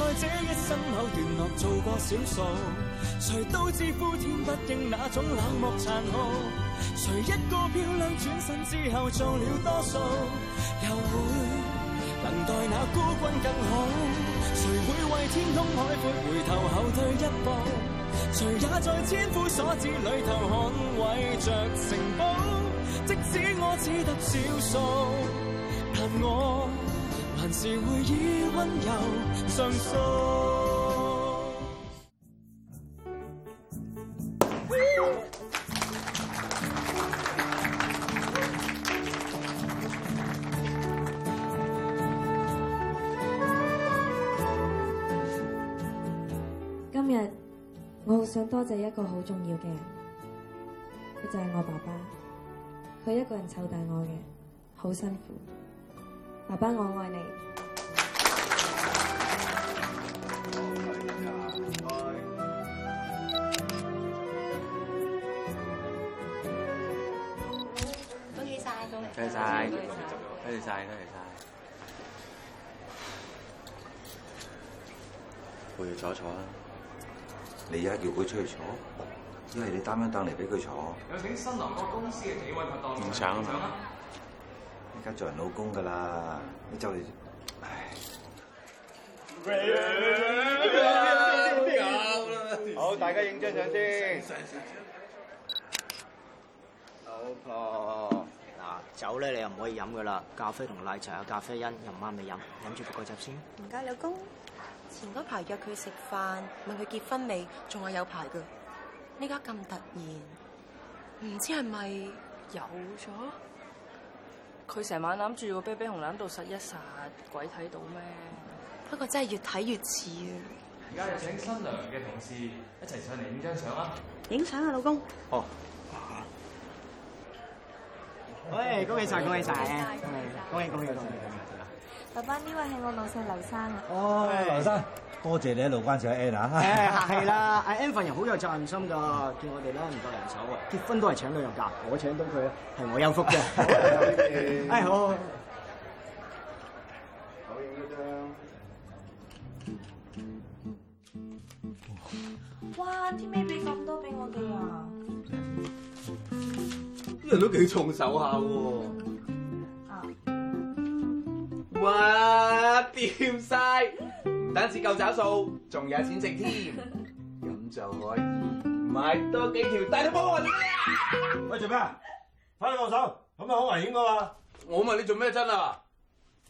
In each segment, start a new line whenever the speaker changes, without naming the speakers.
在這一生某段落做過少數，誰都知呼天不應那種冷漠殘酷。誰一個漂亮轉身之後做了多數，又會能待那孤軍更好？誰會為天空海闊回頭後退一步？誰也在千夫所指裏頭捍衛着城堡？即使我只得少數，但我。
今日我好想多謝一個好重要嘅人，佢就係我爸爸，佢一個人湊大我嘅，好辛苦。爸爸，我愛你。多謝晒，多
謝。多謝晒，多謝曬，多謝曬，
多謝曬。我要坐坐啦，你而家叫佢出去坐，一係你擔張凳嚟俾佢坐。有
請新郎哥公司嘅幾位拍檔。唔想，想啊嘛。
而家做人老公噶啦，你就
嚟，好，大家影張相
先。
老婆，嗱，酒咧你又唔可以飲噶啦，咖啡同奶茶有咖啡因，又唔啱你飲，飲住果汁先。
唔該，老公，前嗰排約佢食飯，問佢結婚未，仲話有排噶，依家咁突然，唔知係咪有咗？佢成晚攬住個啤啤熊攬到實一實，鬼睇到咩？不過真係越睇越似啊！而家就請新娘
嘅同事一齊上嚟影張相啦！
影相啊，老公！
哦，喂，恭喜晒！恭喜晒、啊，恭喜恭喜！恭喜恭喜恭
喜啊、爸爸呢位係我老細劉生啊！哦，
哎、劉生。多
謝，謝你一路關照阿 Anna。
誒，客氣啦，阿是、啊 啊、Anna 份人好有責任心噶，見我哋咧唔夠人手啊，結婚都係請老人家，我請到佢咧係我有福嘅。 好，
哇！啲咩俾咁多俾我哋
啊？
啲人都幾重手下喎。
嘩， 掂晒。 等次夠找數，仲有錢剩添，咁就可以買多
幾條大肚波云。喂，做咩啊？快啲放手，咁樣好危險噶嘛！我問你做咩真的看啊？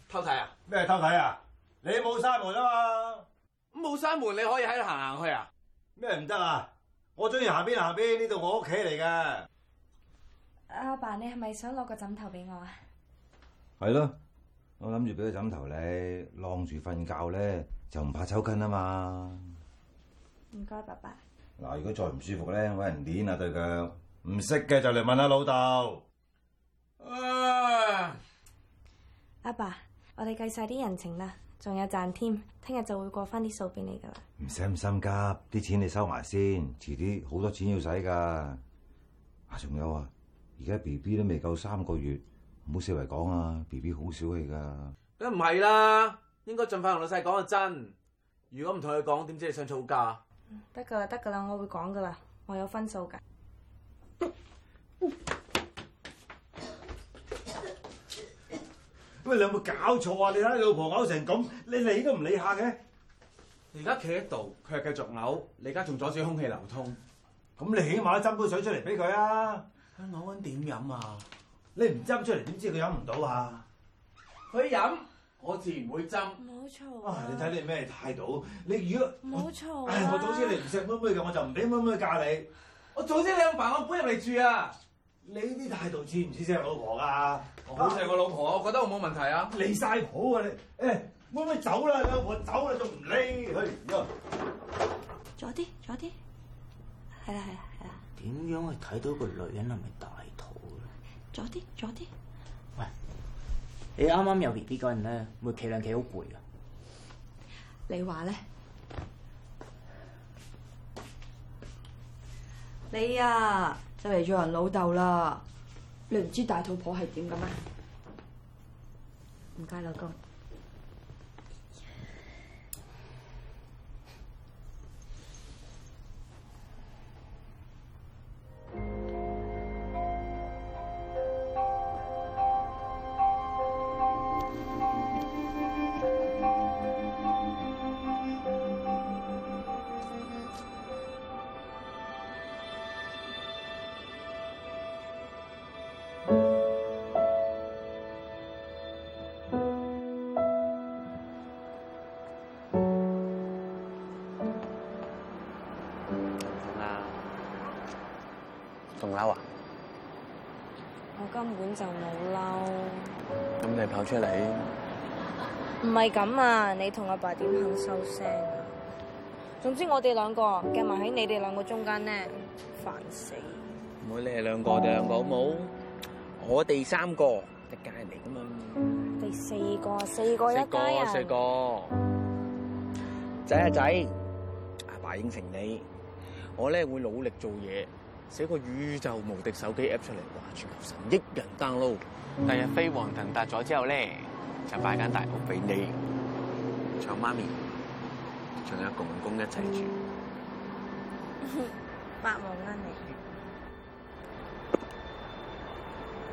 偷睇啊？咩偷睇啊？你冇閂門吖嘛？咁冇閂門，你可以喺度行行去啊？咩唔得啊？我中意行邊行邊，呢度我屋企嚟噶。
阿爸,爸，你係咪想攞個枕頭俾我啊？
係咯。我諗住俾個枕頭你晾住瞓覺咧，就唔怕抽筋啊嘛！
唔該，爸爸。
嗱，如果再唔舒服咧，我人捏下對腳。唔識嘅就嚟問下老豆。
啊，阿爸，我哋計晒啲人情啦，仲有賺添，聽日就會過翻啲數俾你噶啦。唔
使咁心急，啲錢你收埋先，遲啲好多錢要使噶。啊，仲有啊，而家 B B 都未夠三個月。唔好四圍講啊！B B 好小氣噶，
咁唔係啦，應該盡快同老細講個真。如果唔同佢講，點知你想吵架？
得噶啦，得噶啦，我會講噶啦，我有分數
噶。 喂，你有冇搞錯啊？你睇你老婆嘔成咁，你理都唔理下嘅？你而家企喺度，佢又繼續嘔，你而家仲阻止空氣流通，咁你起碼都斟杯水出嚟俾佢啊！嘔緊點飲啊？你唔斟出嚟，點知佢飲唔到啊？
佢飲，我自然會斟！冇錯。
哇！你睇你咩態度？你如果冇錯啊，我早知你唔錫妹妹嘅，我就唔俾妹妹嫁你。我早知你咁煩，我搬入嚟住啊！你啲態度似唔似錫我老婆啊？我好錫個老婆，啊，我覺得我冇問題啊！離晒譜啊你！誒，妹妹走啦，我走啦，仲唔
理佢？去，左啲，左啲，係啦係啦係啦。
點樣去睇到個女人係咪大？
早啲，早啲！
喂，你啱啱有 B B 嗰陣咧，會企兩企好攰噶。
你
話咧？你啊，就嚟做人老豆啦！你唔知大肚婆係點嘅咩？唔該，老公。仲嬲啊！我根本就冇嬲。
咁你跑出嚟？
唔係咁啊！你同阿爸點肯收聲啊？總之我哋兩個夾埋喺你哋兩個中間咧，煩死！
唔好你哋兩個，你哋兩個好冇？我哋三個，好好三個一家人嚟噶嘛？
第四個，四個一家人。四個，四
個。仔啊仔，阿爸，爸應承你，我咧會努力做嘢。寫個宇宙無敵手機 app 出嚟，全球神億人 download。第、嗯、日飛黃騰達咗之後咧，就買間大屋俾你，仲有媽咪，仲有公公一齊住。嗯、
發夢啦你。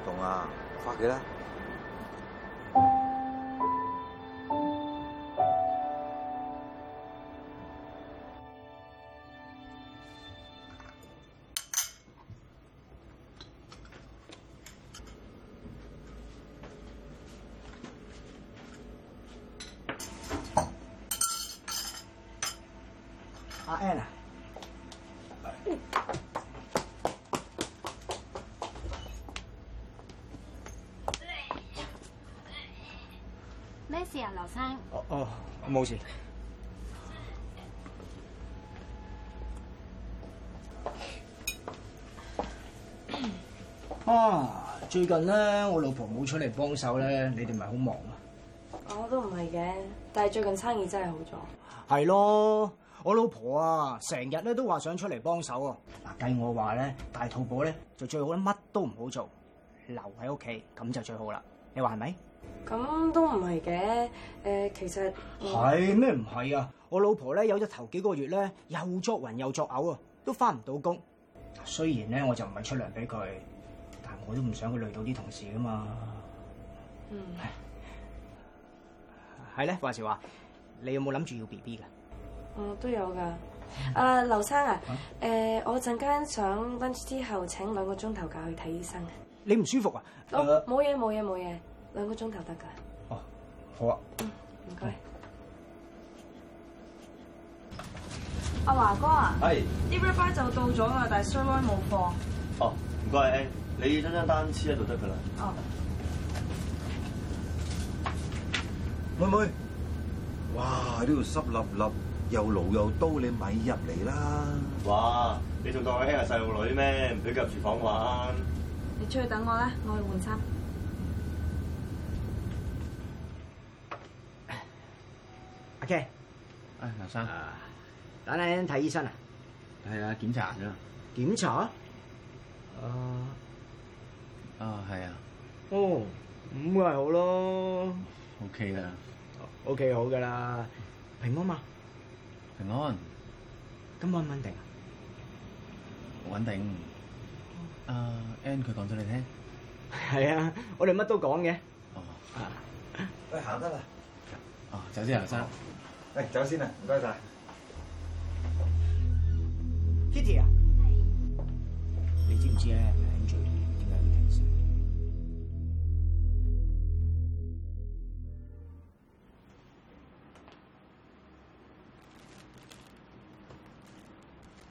同啊，發幾啦？
是啊，劉生。哦哦，冇事、啊。啊，最近咧，我老婆冇出嚟幫手咧，你哋咪好忙啊？哦？
我都唔係嘅，但係最近生意真係好咗。
係咯，我老婆啊，成日咧都話想出嚟幫手啊。嗱，計我話咧，大肚婆咧就最好乜都唔好做，留喺屋企咁就最好啦。你話係咪？咁都唔係嘅，誒、呃，其實係咩唔係啊？我老婆咧有咗頭幾個月咧，又作暈又作嘔啊，都翻唔到工。雖然咧，我就唔係出糧俾佢，但我都唔想佢累到啲同事噶嘛。嗯，係咧，話時話你有冇諗住要 B B 噶？我、嗯、
都有噶。誒、啊，劉、嗯、生啊，誒、嗯呃，我陣間想 lunch 之後請兩個鐘頭假去睇醫生。啊。
你唔舒服啊？誒，
冇、呃、嘢，冇嘢，冇嘢。兩個鐘就得噶。哦，好啊。嗯，唔該。阿華、啊、哥啊。係。啲 wifi 就到咗啦，但係 supply
冇貨。哦，唔該你將張單黐喺度得噶啦。哦。妹妹，哇，呢度濕笠笠，又爐又刀，你咪入嚟啦。哇，你仲當我係細路女咩？唔俾入廚房玩。
你出去等我啦，我去換衫。
O K，啊，劉生，uh, 等等睇醫生啊？係啊，檢查啫。檢查？啊啊，係啊。哦，咁咪好咯。O K 噶，O K 好噶啦，平安嘛？平安。咁穩唔穩定啊？
穩定。啊、uh, uh,，Ann 佢講咗你聽。係啊，
我哋乜都講嘅。哦、oh. uh.。喂，
行
得
啦。啊、uh,，走先，劉生。
走先啦，唔該晒。Kitty 啊，你知唔知咧？Angie 點解唔開心？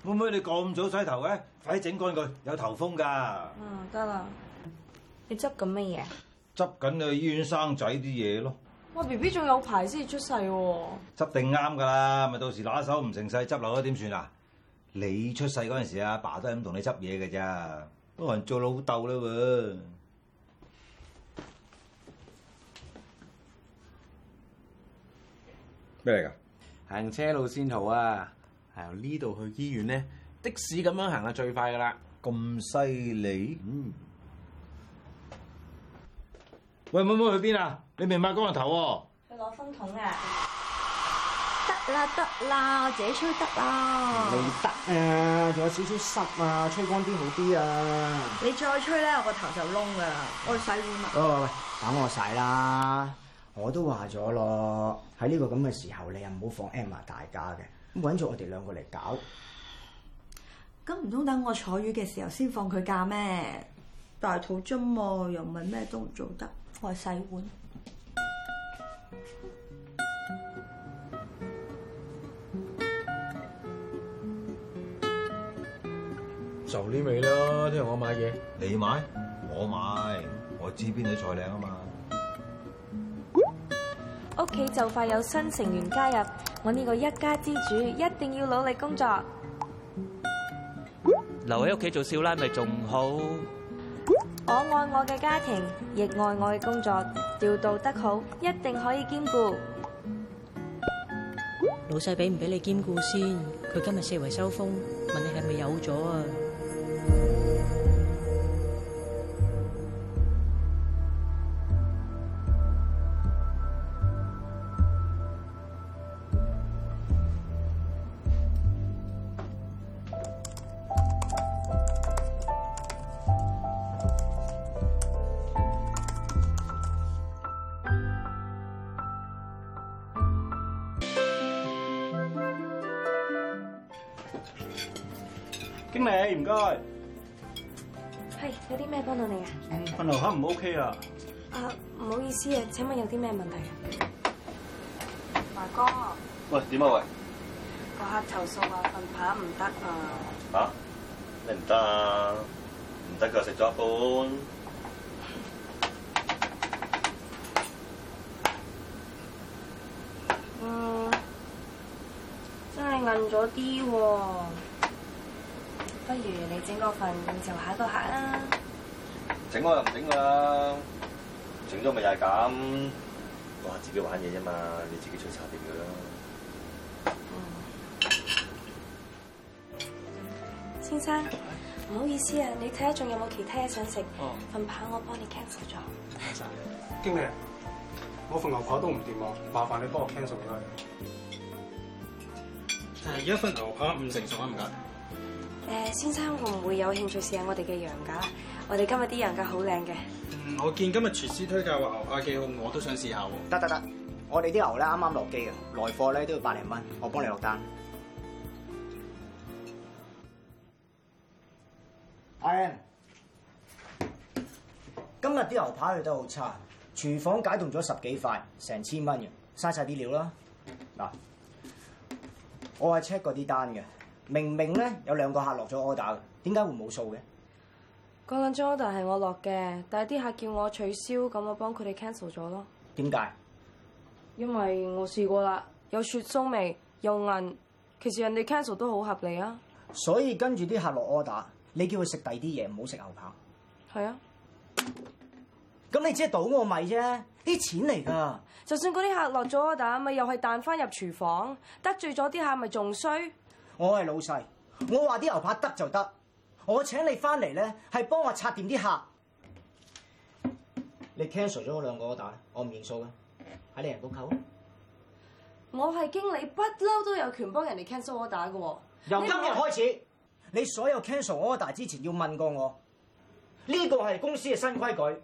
會
唔會你咁早洗頭嘅？快啲整乾佢，有頭風噶。嗯，
得啦。你執緊乜嘢？
執緊去醫院生仔啲嘢咯。
哇！B B 仲有排先至出世喎，
啊，執定啱噶啦，咪到時拿手唔成世執落咗點算啊？你出世嗰陣時阿爸都係咁同你執嘢嘅咋，都人做老豆啦喎。
咩嚟噶？行車路線圖啊，係呢度去醫院咧，的士咁樣行係最快噶啦，
咁犀利。嗯。喂，妹妹去邊啊？你未抹光個頭喎？去攞
風筒啊！得啦得啦，我自己吹得啦。未
得啊！仲有少少濕啊，吹乾啲好啲啊。
你再吹咧，我個頭就窿噶啦。我去洗碗啊。
喂喂喂，等我洗啦。我都話咗咯，喺呢個咁嘅時候，你又唔好放 Emma 大家嘅，咁搵咗我哋兩個嚟搞。
咁唔通等我坐月嘅時候先放佢假咩？大肚樽又唔係咩都唔做得。我洗碗，
就呢味啦。聽日我買嘢，你買，我買，我知邊啲菜靚啊嘛。
屋企就快有新成員加入，我呢個一家之主一定要努力工作。
留喺屋企
做少奶咪仲好？
我愛我嘅家庭，亦愛我嘅工作，調度得好，一定可以兼顧。老
細俾唔俾你兼顧先？佢今日四圍收風，問你係咪有咗啊？
唔好意思啊，請問有啲咩問題？華哥，
喂，點啊？喂，
個客投訴話份扒唔得啊！
啊？咩唔得啊？唔得㗎，食咗一半。嗯，
真係硬咗啲喎，不如你整嗰份就下一個客啦。
整我又唔整㗎啦。整咗咪又係咁，我話自己玩嘢啫嘛，你自己出差定佢咯。先
生，唔好意思啊，你睇下仲有冇其他嘢想食？哦，份扒我幫你 cancel 咗。唔該
經理，我份牛扒都唔掂啊，麻煩你幫我 cancel
啦。誒、嗯，一份牛扒唔成熟啊，唔
該。誒，先生會唔會有興趣試下我哋嘅羊架？我哋今日啲羊架好靚嘅。
喔、我見今日廚師推介話牛扒幾好，我都想試下喎。得得得，我哋啲牛咧啱啱落機啊，來貨咧都要百零蚊，我幫你落單。Ann，今日啲牛扒去得好差，廚房解凍咗十幾塊，成千蚊嘅，嘥晒啲料啦。嗱，我係 check 過啲單嘅，明明咧有兩個客落咗 order，點解會冇數嘅？
嗰兩張 order 係我落嘅，但係啲客叫我取消，咁我幫佢哋 cancel 咗咯。點解？因為我試過啦，有雪松味，又韌。其實人哋 cancel 都好合理啊。
所以跟住啲客落 order，你叫佢食第二啲嘢，唔好食牛扒。係啊。咁你只係倒我米啫，啲錢嚟㗎。就
算嗰啲客落咗 order，咪又係彈翻入廚房，得罪咗啲客咪仲衰。
我係老細，我話啲牛扒得就得。我請你翻嚟咧，係幫我拆掂啲客。你 cancel 咗我兩個 order，我唔認數嘅，喺你人工扣。
我係經理，不嬲都有權幫人哋 cancel order 嘅喎。由今日開始，
你所有 cancel order 之前要問過我，呢個係公司嘅新規矩。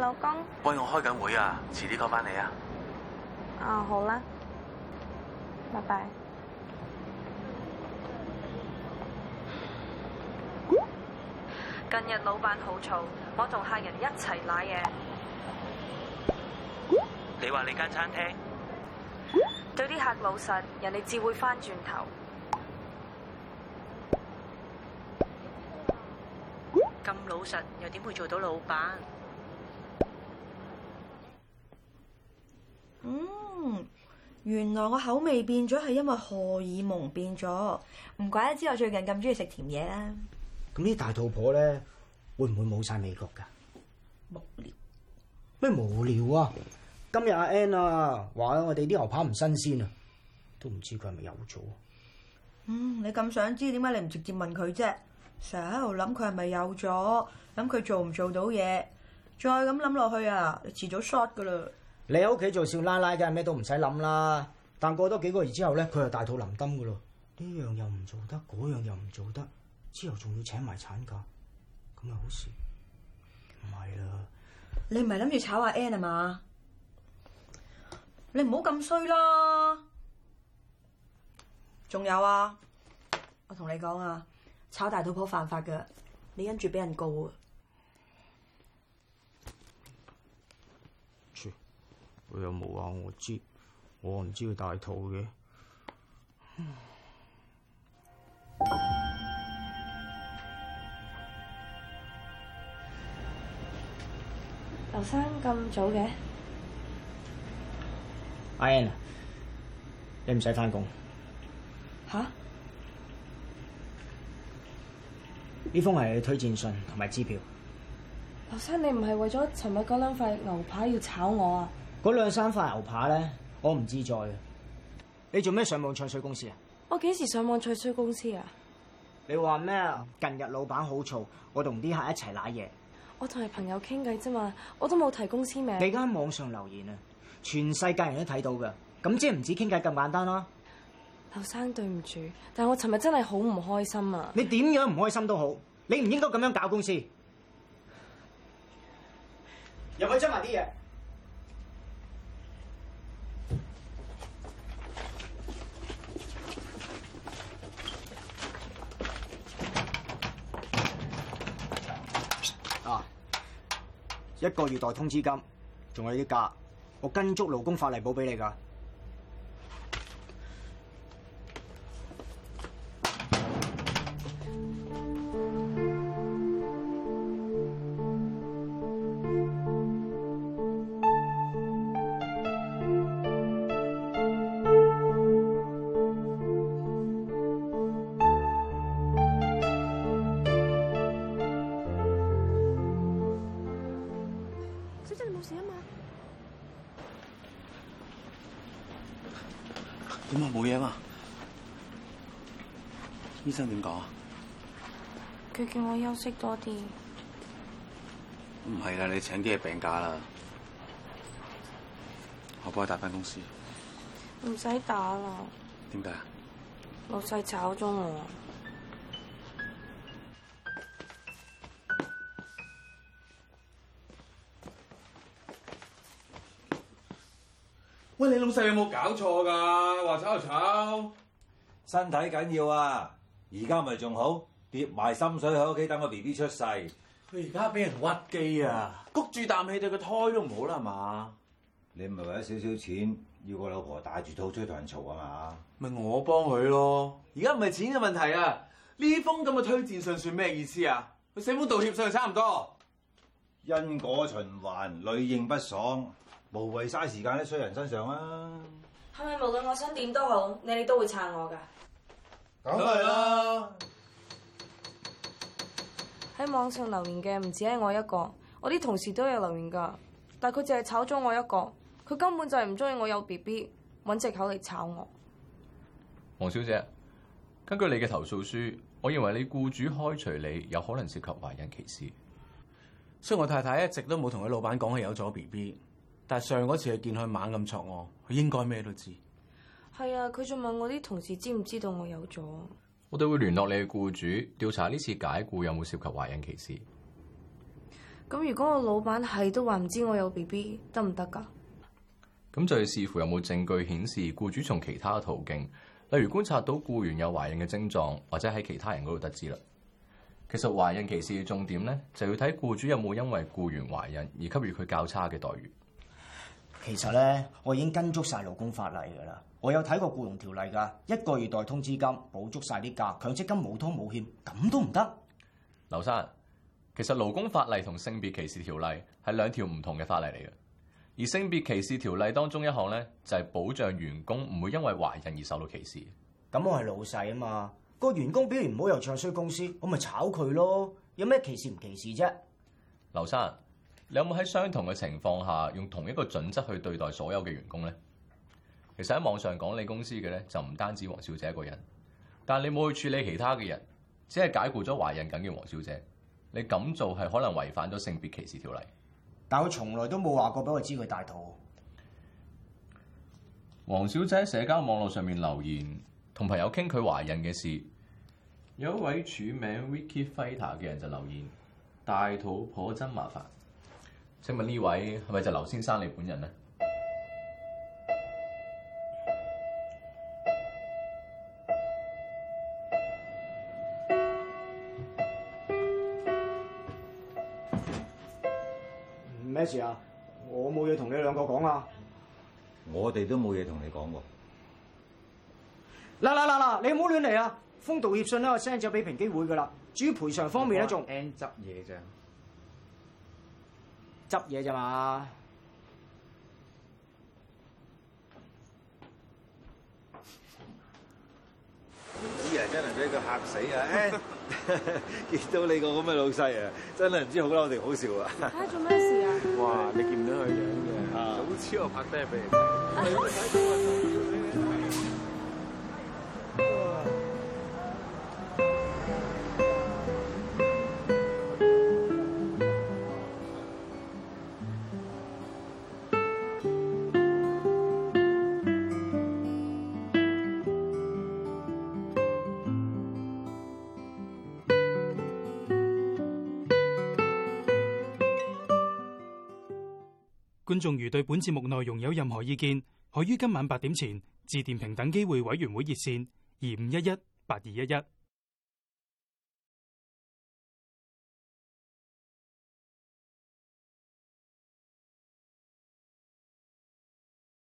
老公，
喂，我開緊會啊，遲啲 call 翻你啊。
啊、哦，好啦，拜拜。近日老闆好嘈，我同客人一齊瀨嘢。
你話你間餐廳？
對啲客老實，人哋只會翻轉頭。
咁老實又點會做到老闆？
嗯，原來我口味變咗係因為荷爾蒙變咗，唔怪得知我最近咁中意食甜嘢啦。
咁呢大肚婆咧，會唔會冇晒味覺噶？無聊咩？無聊啊！今日阿 Ann 啊，話我哋啲牛扒唔新鮮啊，都唔知佢係咪有咗。
嗯，你咁想知，點解你唔直接問佢啫？成日喺度諗佢係咪有咗，諗佢做唔做到嘢，再咁諗落去啊，
遲早 shot 噶啦。你喺屋企做少奶奶真係咩都唔使諗啦，但過多幾個月之後咧，佢就大肚臨登噶咯，呢樣又唔做得，嗰樣又唔做得，之後仲要請埋產假，咁咪好事。
唔係啦，你唔係諗住炒阿 N 啊嘛？你唔好咁衰啦，仲有啊，我同你講啊，炒大肚婆犯法
噶，你跟住俾人告啊！
佢又冇話我知，我唔知佢大肚嘅。
劉生，嗯，咁早嘅，
阿 Ann，你唔使返工。
吓、啊？
呢封係推薦信同埋支票。
劉生，你唔係為咗尋日嗰兩塊牛
扒要炒我啊？嗰兩三塊牛扒咧，我唔自在。你做咩上網唱衰公司啊？
我幾時上網唱衰公司啊？
你話咩啊？近日老闆好嘈，我同啲客一齊瀨嘢。
我同係朋友傾偈啫嘛，我都冇提公司名。你而家
喺網上留言啊，全世界人都睇到噶，咁即係唔止傾偈咁簡單啦。
劉生，對唔住，但我尋日真係好唔開心啊！
你點樣唔開心都好，你唔應該咁樣搞公司。入去執埋啲嘢。一個月代通知金，仲有啲假，我跟足勞工法例賠俾你㗎。
聽點講啊！
佢叫我休息多啲。
唔係啦，你請幾日病假啦？
我幫你打翻公司。
唔使打啦。點解？老細炒咗我。
喂，你老細有冇搞錯噶？話炒就
炒，身體緊要啊！而家咪仲好，跌埋心水喺屋企等個 B B 出世。佢而家俾人屈機啊，谷住啖氣對個胎都唔好啦，係嘛？你唔係為咗少少錢要個老婆帶住肚出去同人嘈啊嘛？咪我幫佢咯。而家唔係錢嘅問題啊，呢封咁嘅推薦信算咩意思啊？佢寫封道歉信又差唔多。因果循環，屢應不爽，無謂嘥時間喺衰人身上啦。
係咪無論我想點都好，你哋都會撐我噶？
梗係啦。
喺網上留言嘅唔止係我一個，我啲同事都有留言噶，但佢淨係炒咗我一個，佢根本就係唔中意我有 B B，搵藉口嚟炒我。
黃小姐，根據你嘅投訴書，我認為你雇主開除你有可能涉及懷孕歧視。雖然我太太一直都冇同佢老闆講起有咗 B B，但上嗰次係見佢猛咁戳我，佢應該咩都知。
係啊，佢仲問我啲同事知唔知道我有咗。
我哋會聯絡你嘅僱主調查呢次解僱有冇涉及懷孕歧視。
咁如果我老闆係都話唔知我有 BB 得唔得㗎？咁
就要視乎有冇證據顯示僱主從其他嘅途徑，例如觀察到僱員有懷孕嘅症狀，或者喺其他人嗰度得知啦。其實懷孕歧視嘅重點咧，就要睇僱主有冇因為僱員懷孕而給予佢較差嘅待遇。
其實咧，我已經跟足晒勞工法例噶啦，
我有睇過僱傭條
例噶，一個月代通知金補足晒啲假，強積金冇拖冇欠，咁都唔得。
劉生，其實勞工法例同性別歧視條例係兩條唔同嘅法例嚟嘅，而性別歧視條例當中一項咧就係保障員工唔會因為懷孕而受到歧視。
咁我係老細啊嘛，個員工表現唔好又唱衰公司，我咪炒佢咯，
有咩歧視唔歧視啫？劉生。你有冇喺相同嘅情況下用同一個準則去對待所有嘅員工咧？其實喺網上講你公司嘅咧，就唔單止黃小姐一個人，但你冇去處理其他嘅人，只係解雇咗懷孕緊嘅黃小姐。你咁做係可能違反咗性別歧視條例。但我從來都冇話過俾我知佢大肚。黃小姐喺社交網絡上面留言，同朋友傾佢懷孕嘅事。有一位署名 Wiki Fighter 嘅人就留言：大肚婆真麻煩。請問呢位係咪就劉先生你本人咧？
咩事啊？我冇嘢同你兩個講啊！我
哋都冇嘢同你講喎！
嗱嗱嗱嗱，你唔好亂嚟啊！封道歉信啦，我 send 咗俾平機會噶啦。至於賠償方面咧，仲～硬執嘢啫。執嘢咋嘛？
啲人真係俾佢嚇死啊！誒，見到你個咁嘅老細啊，真係唔知好嬲定好笑啊！嚇，
做咩事啊？
哇！你見唔到佢樣嘅，早知我拍低俾你睇。
觀眾如對本節目內容有任何意見，可於今晚八點前致電平等機會委員會熱線二五一一八二一一。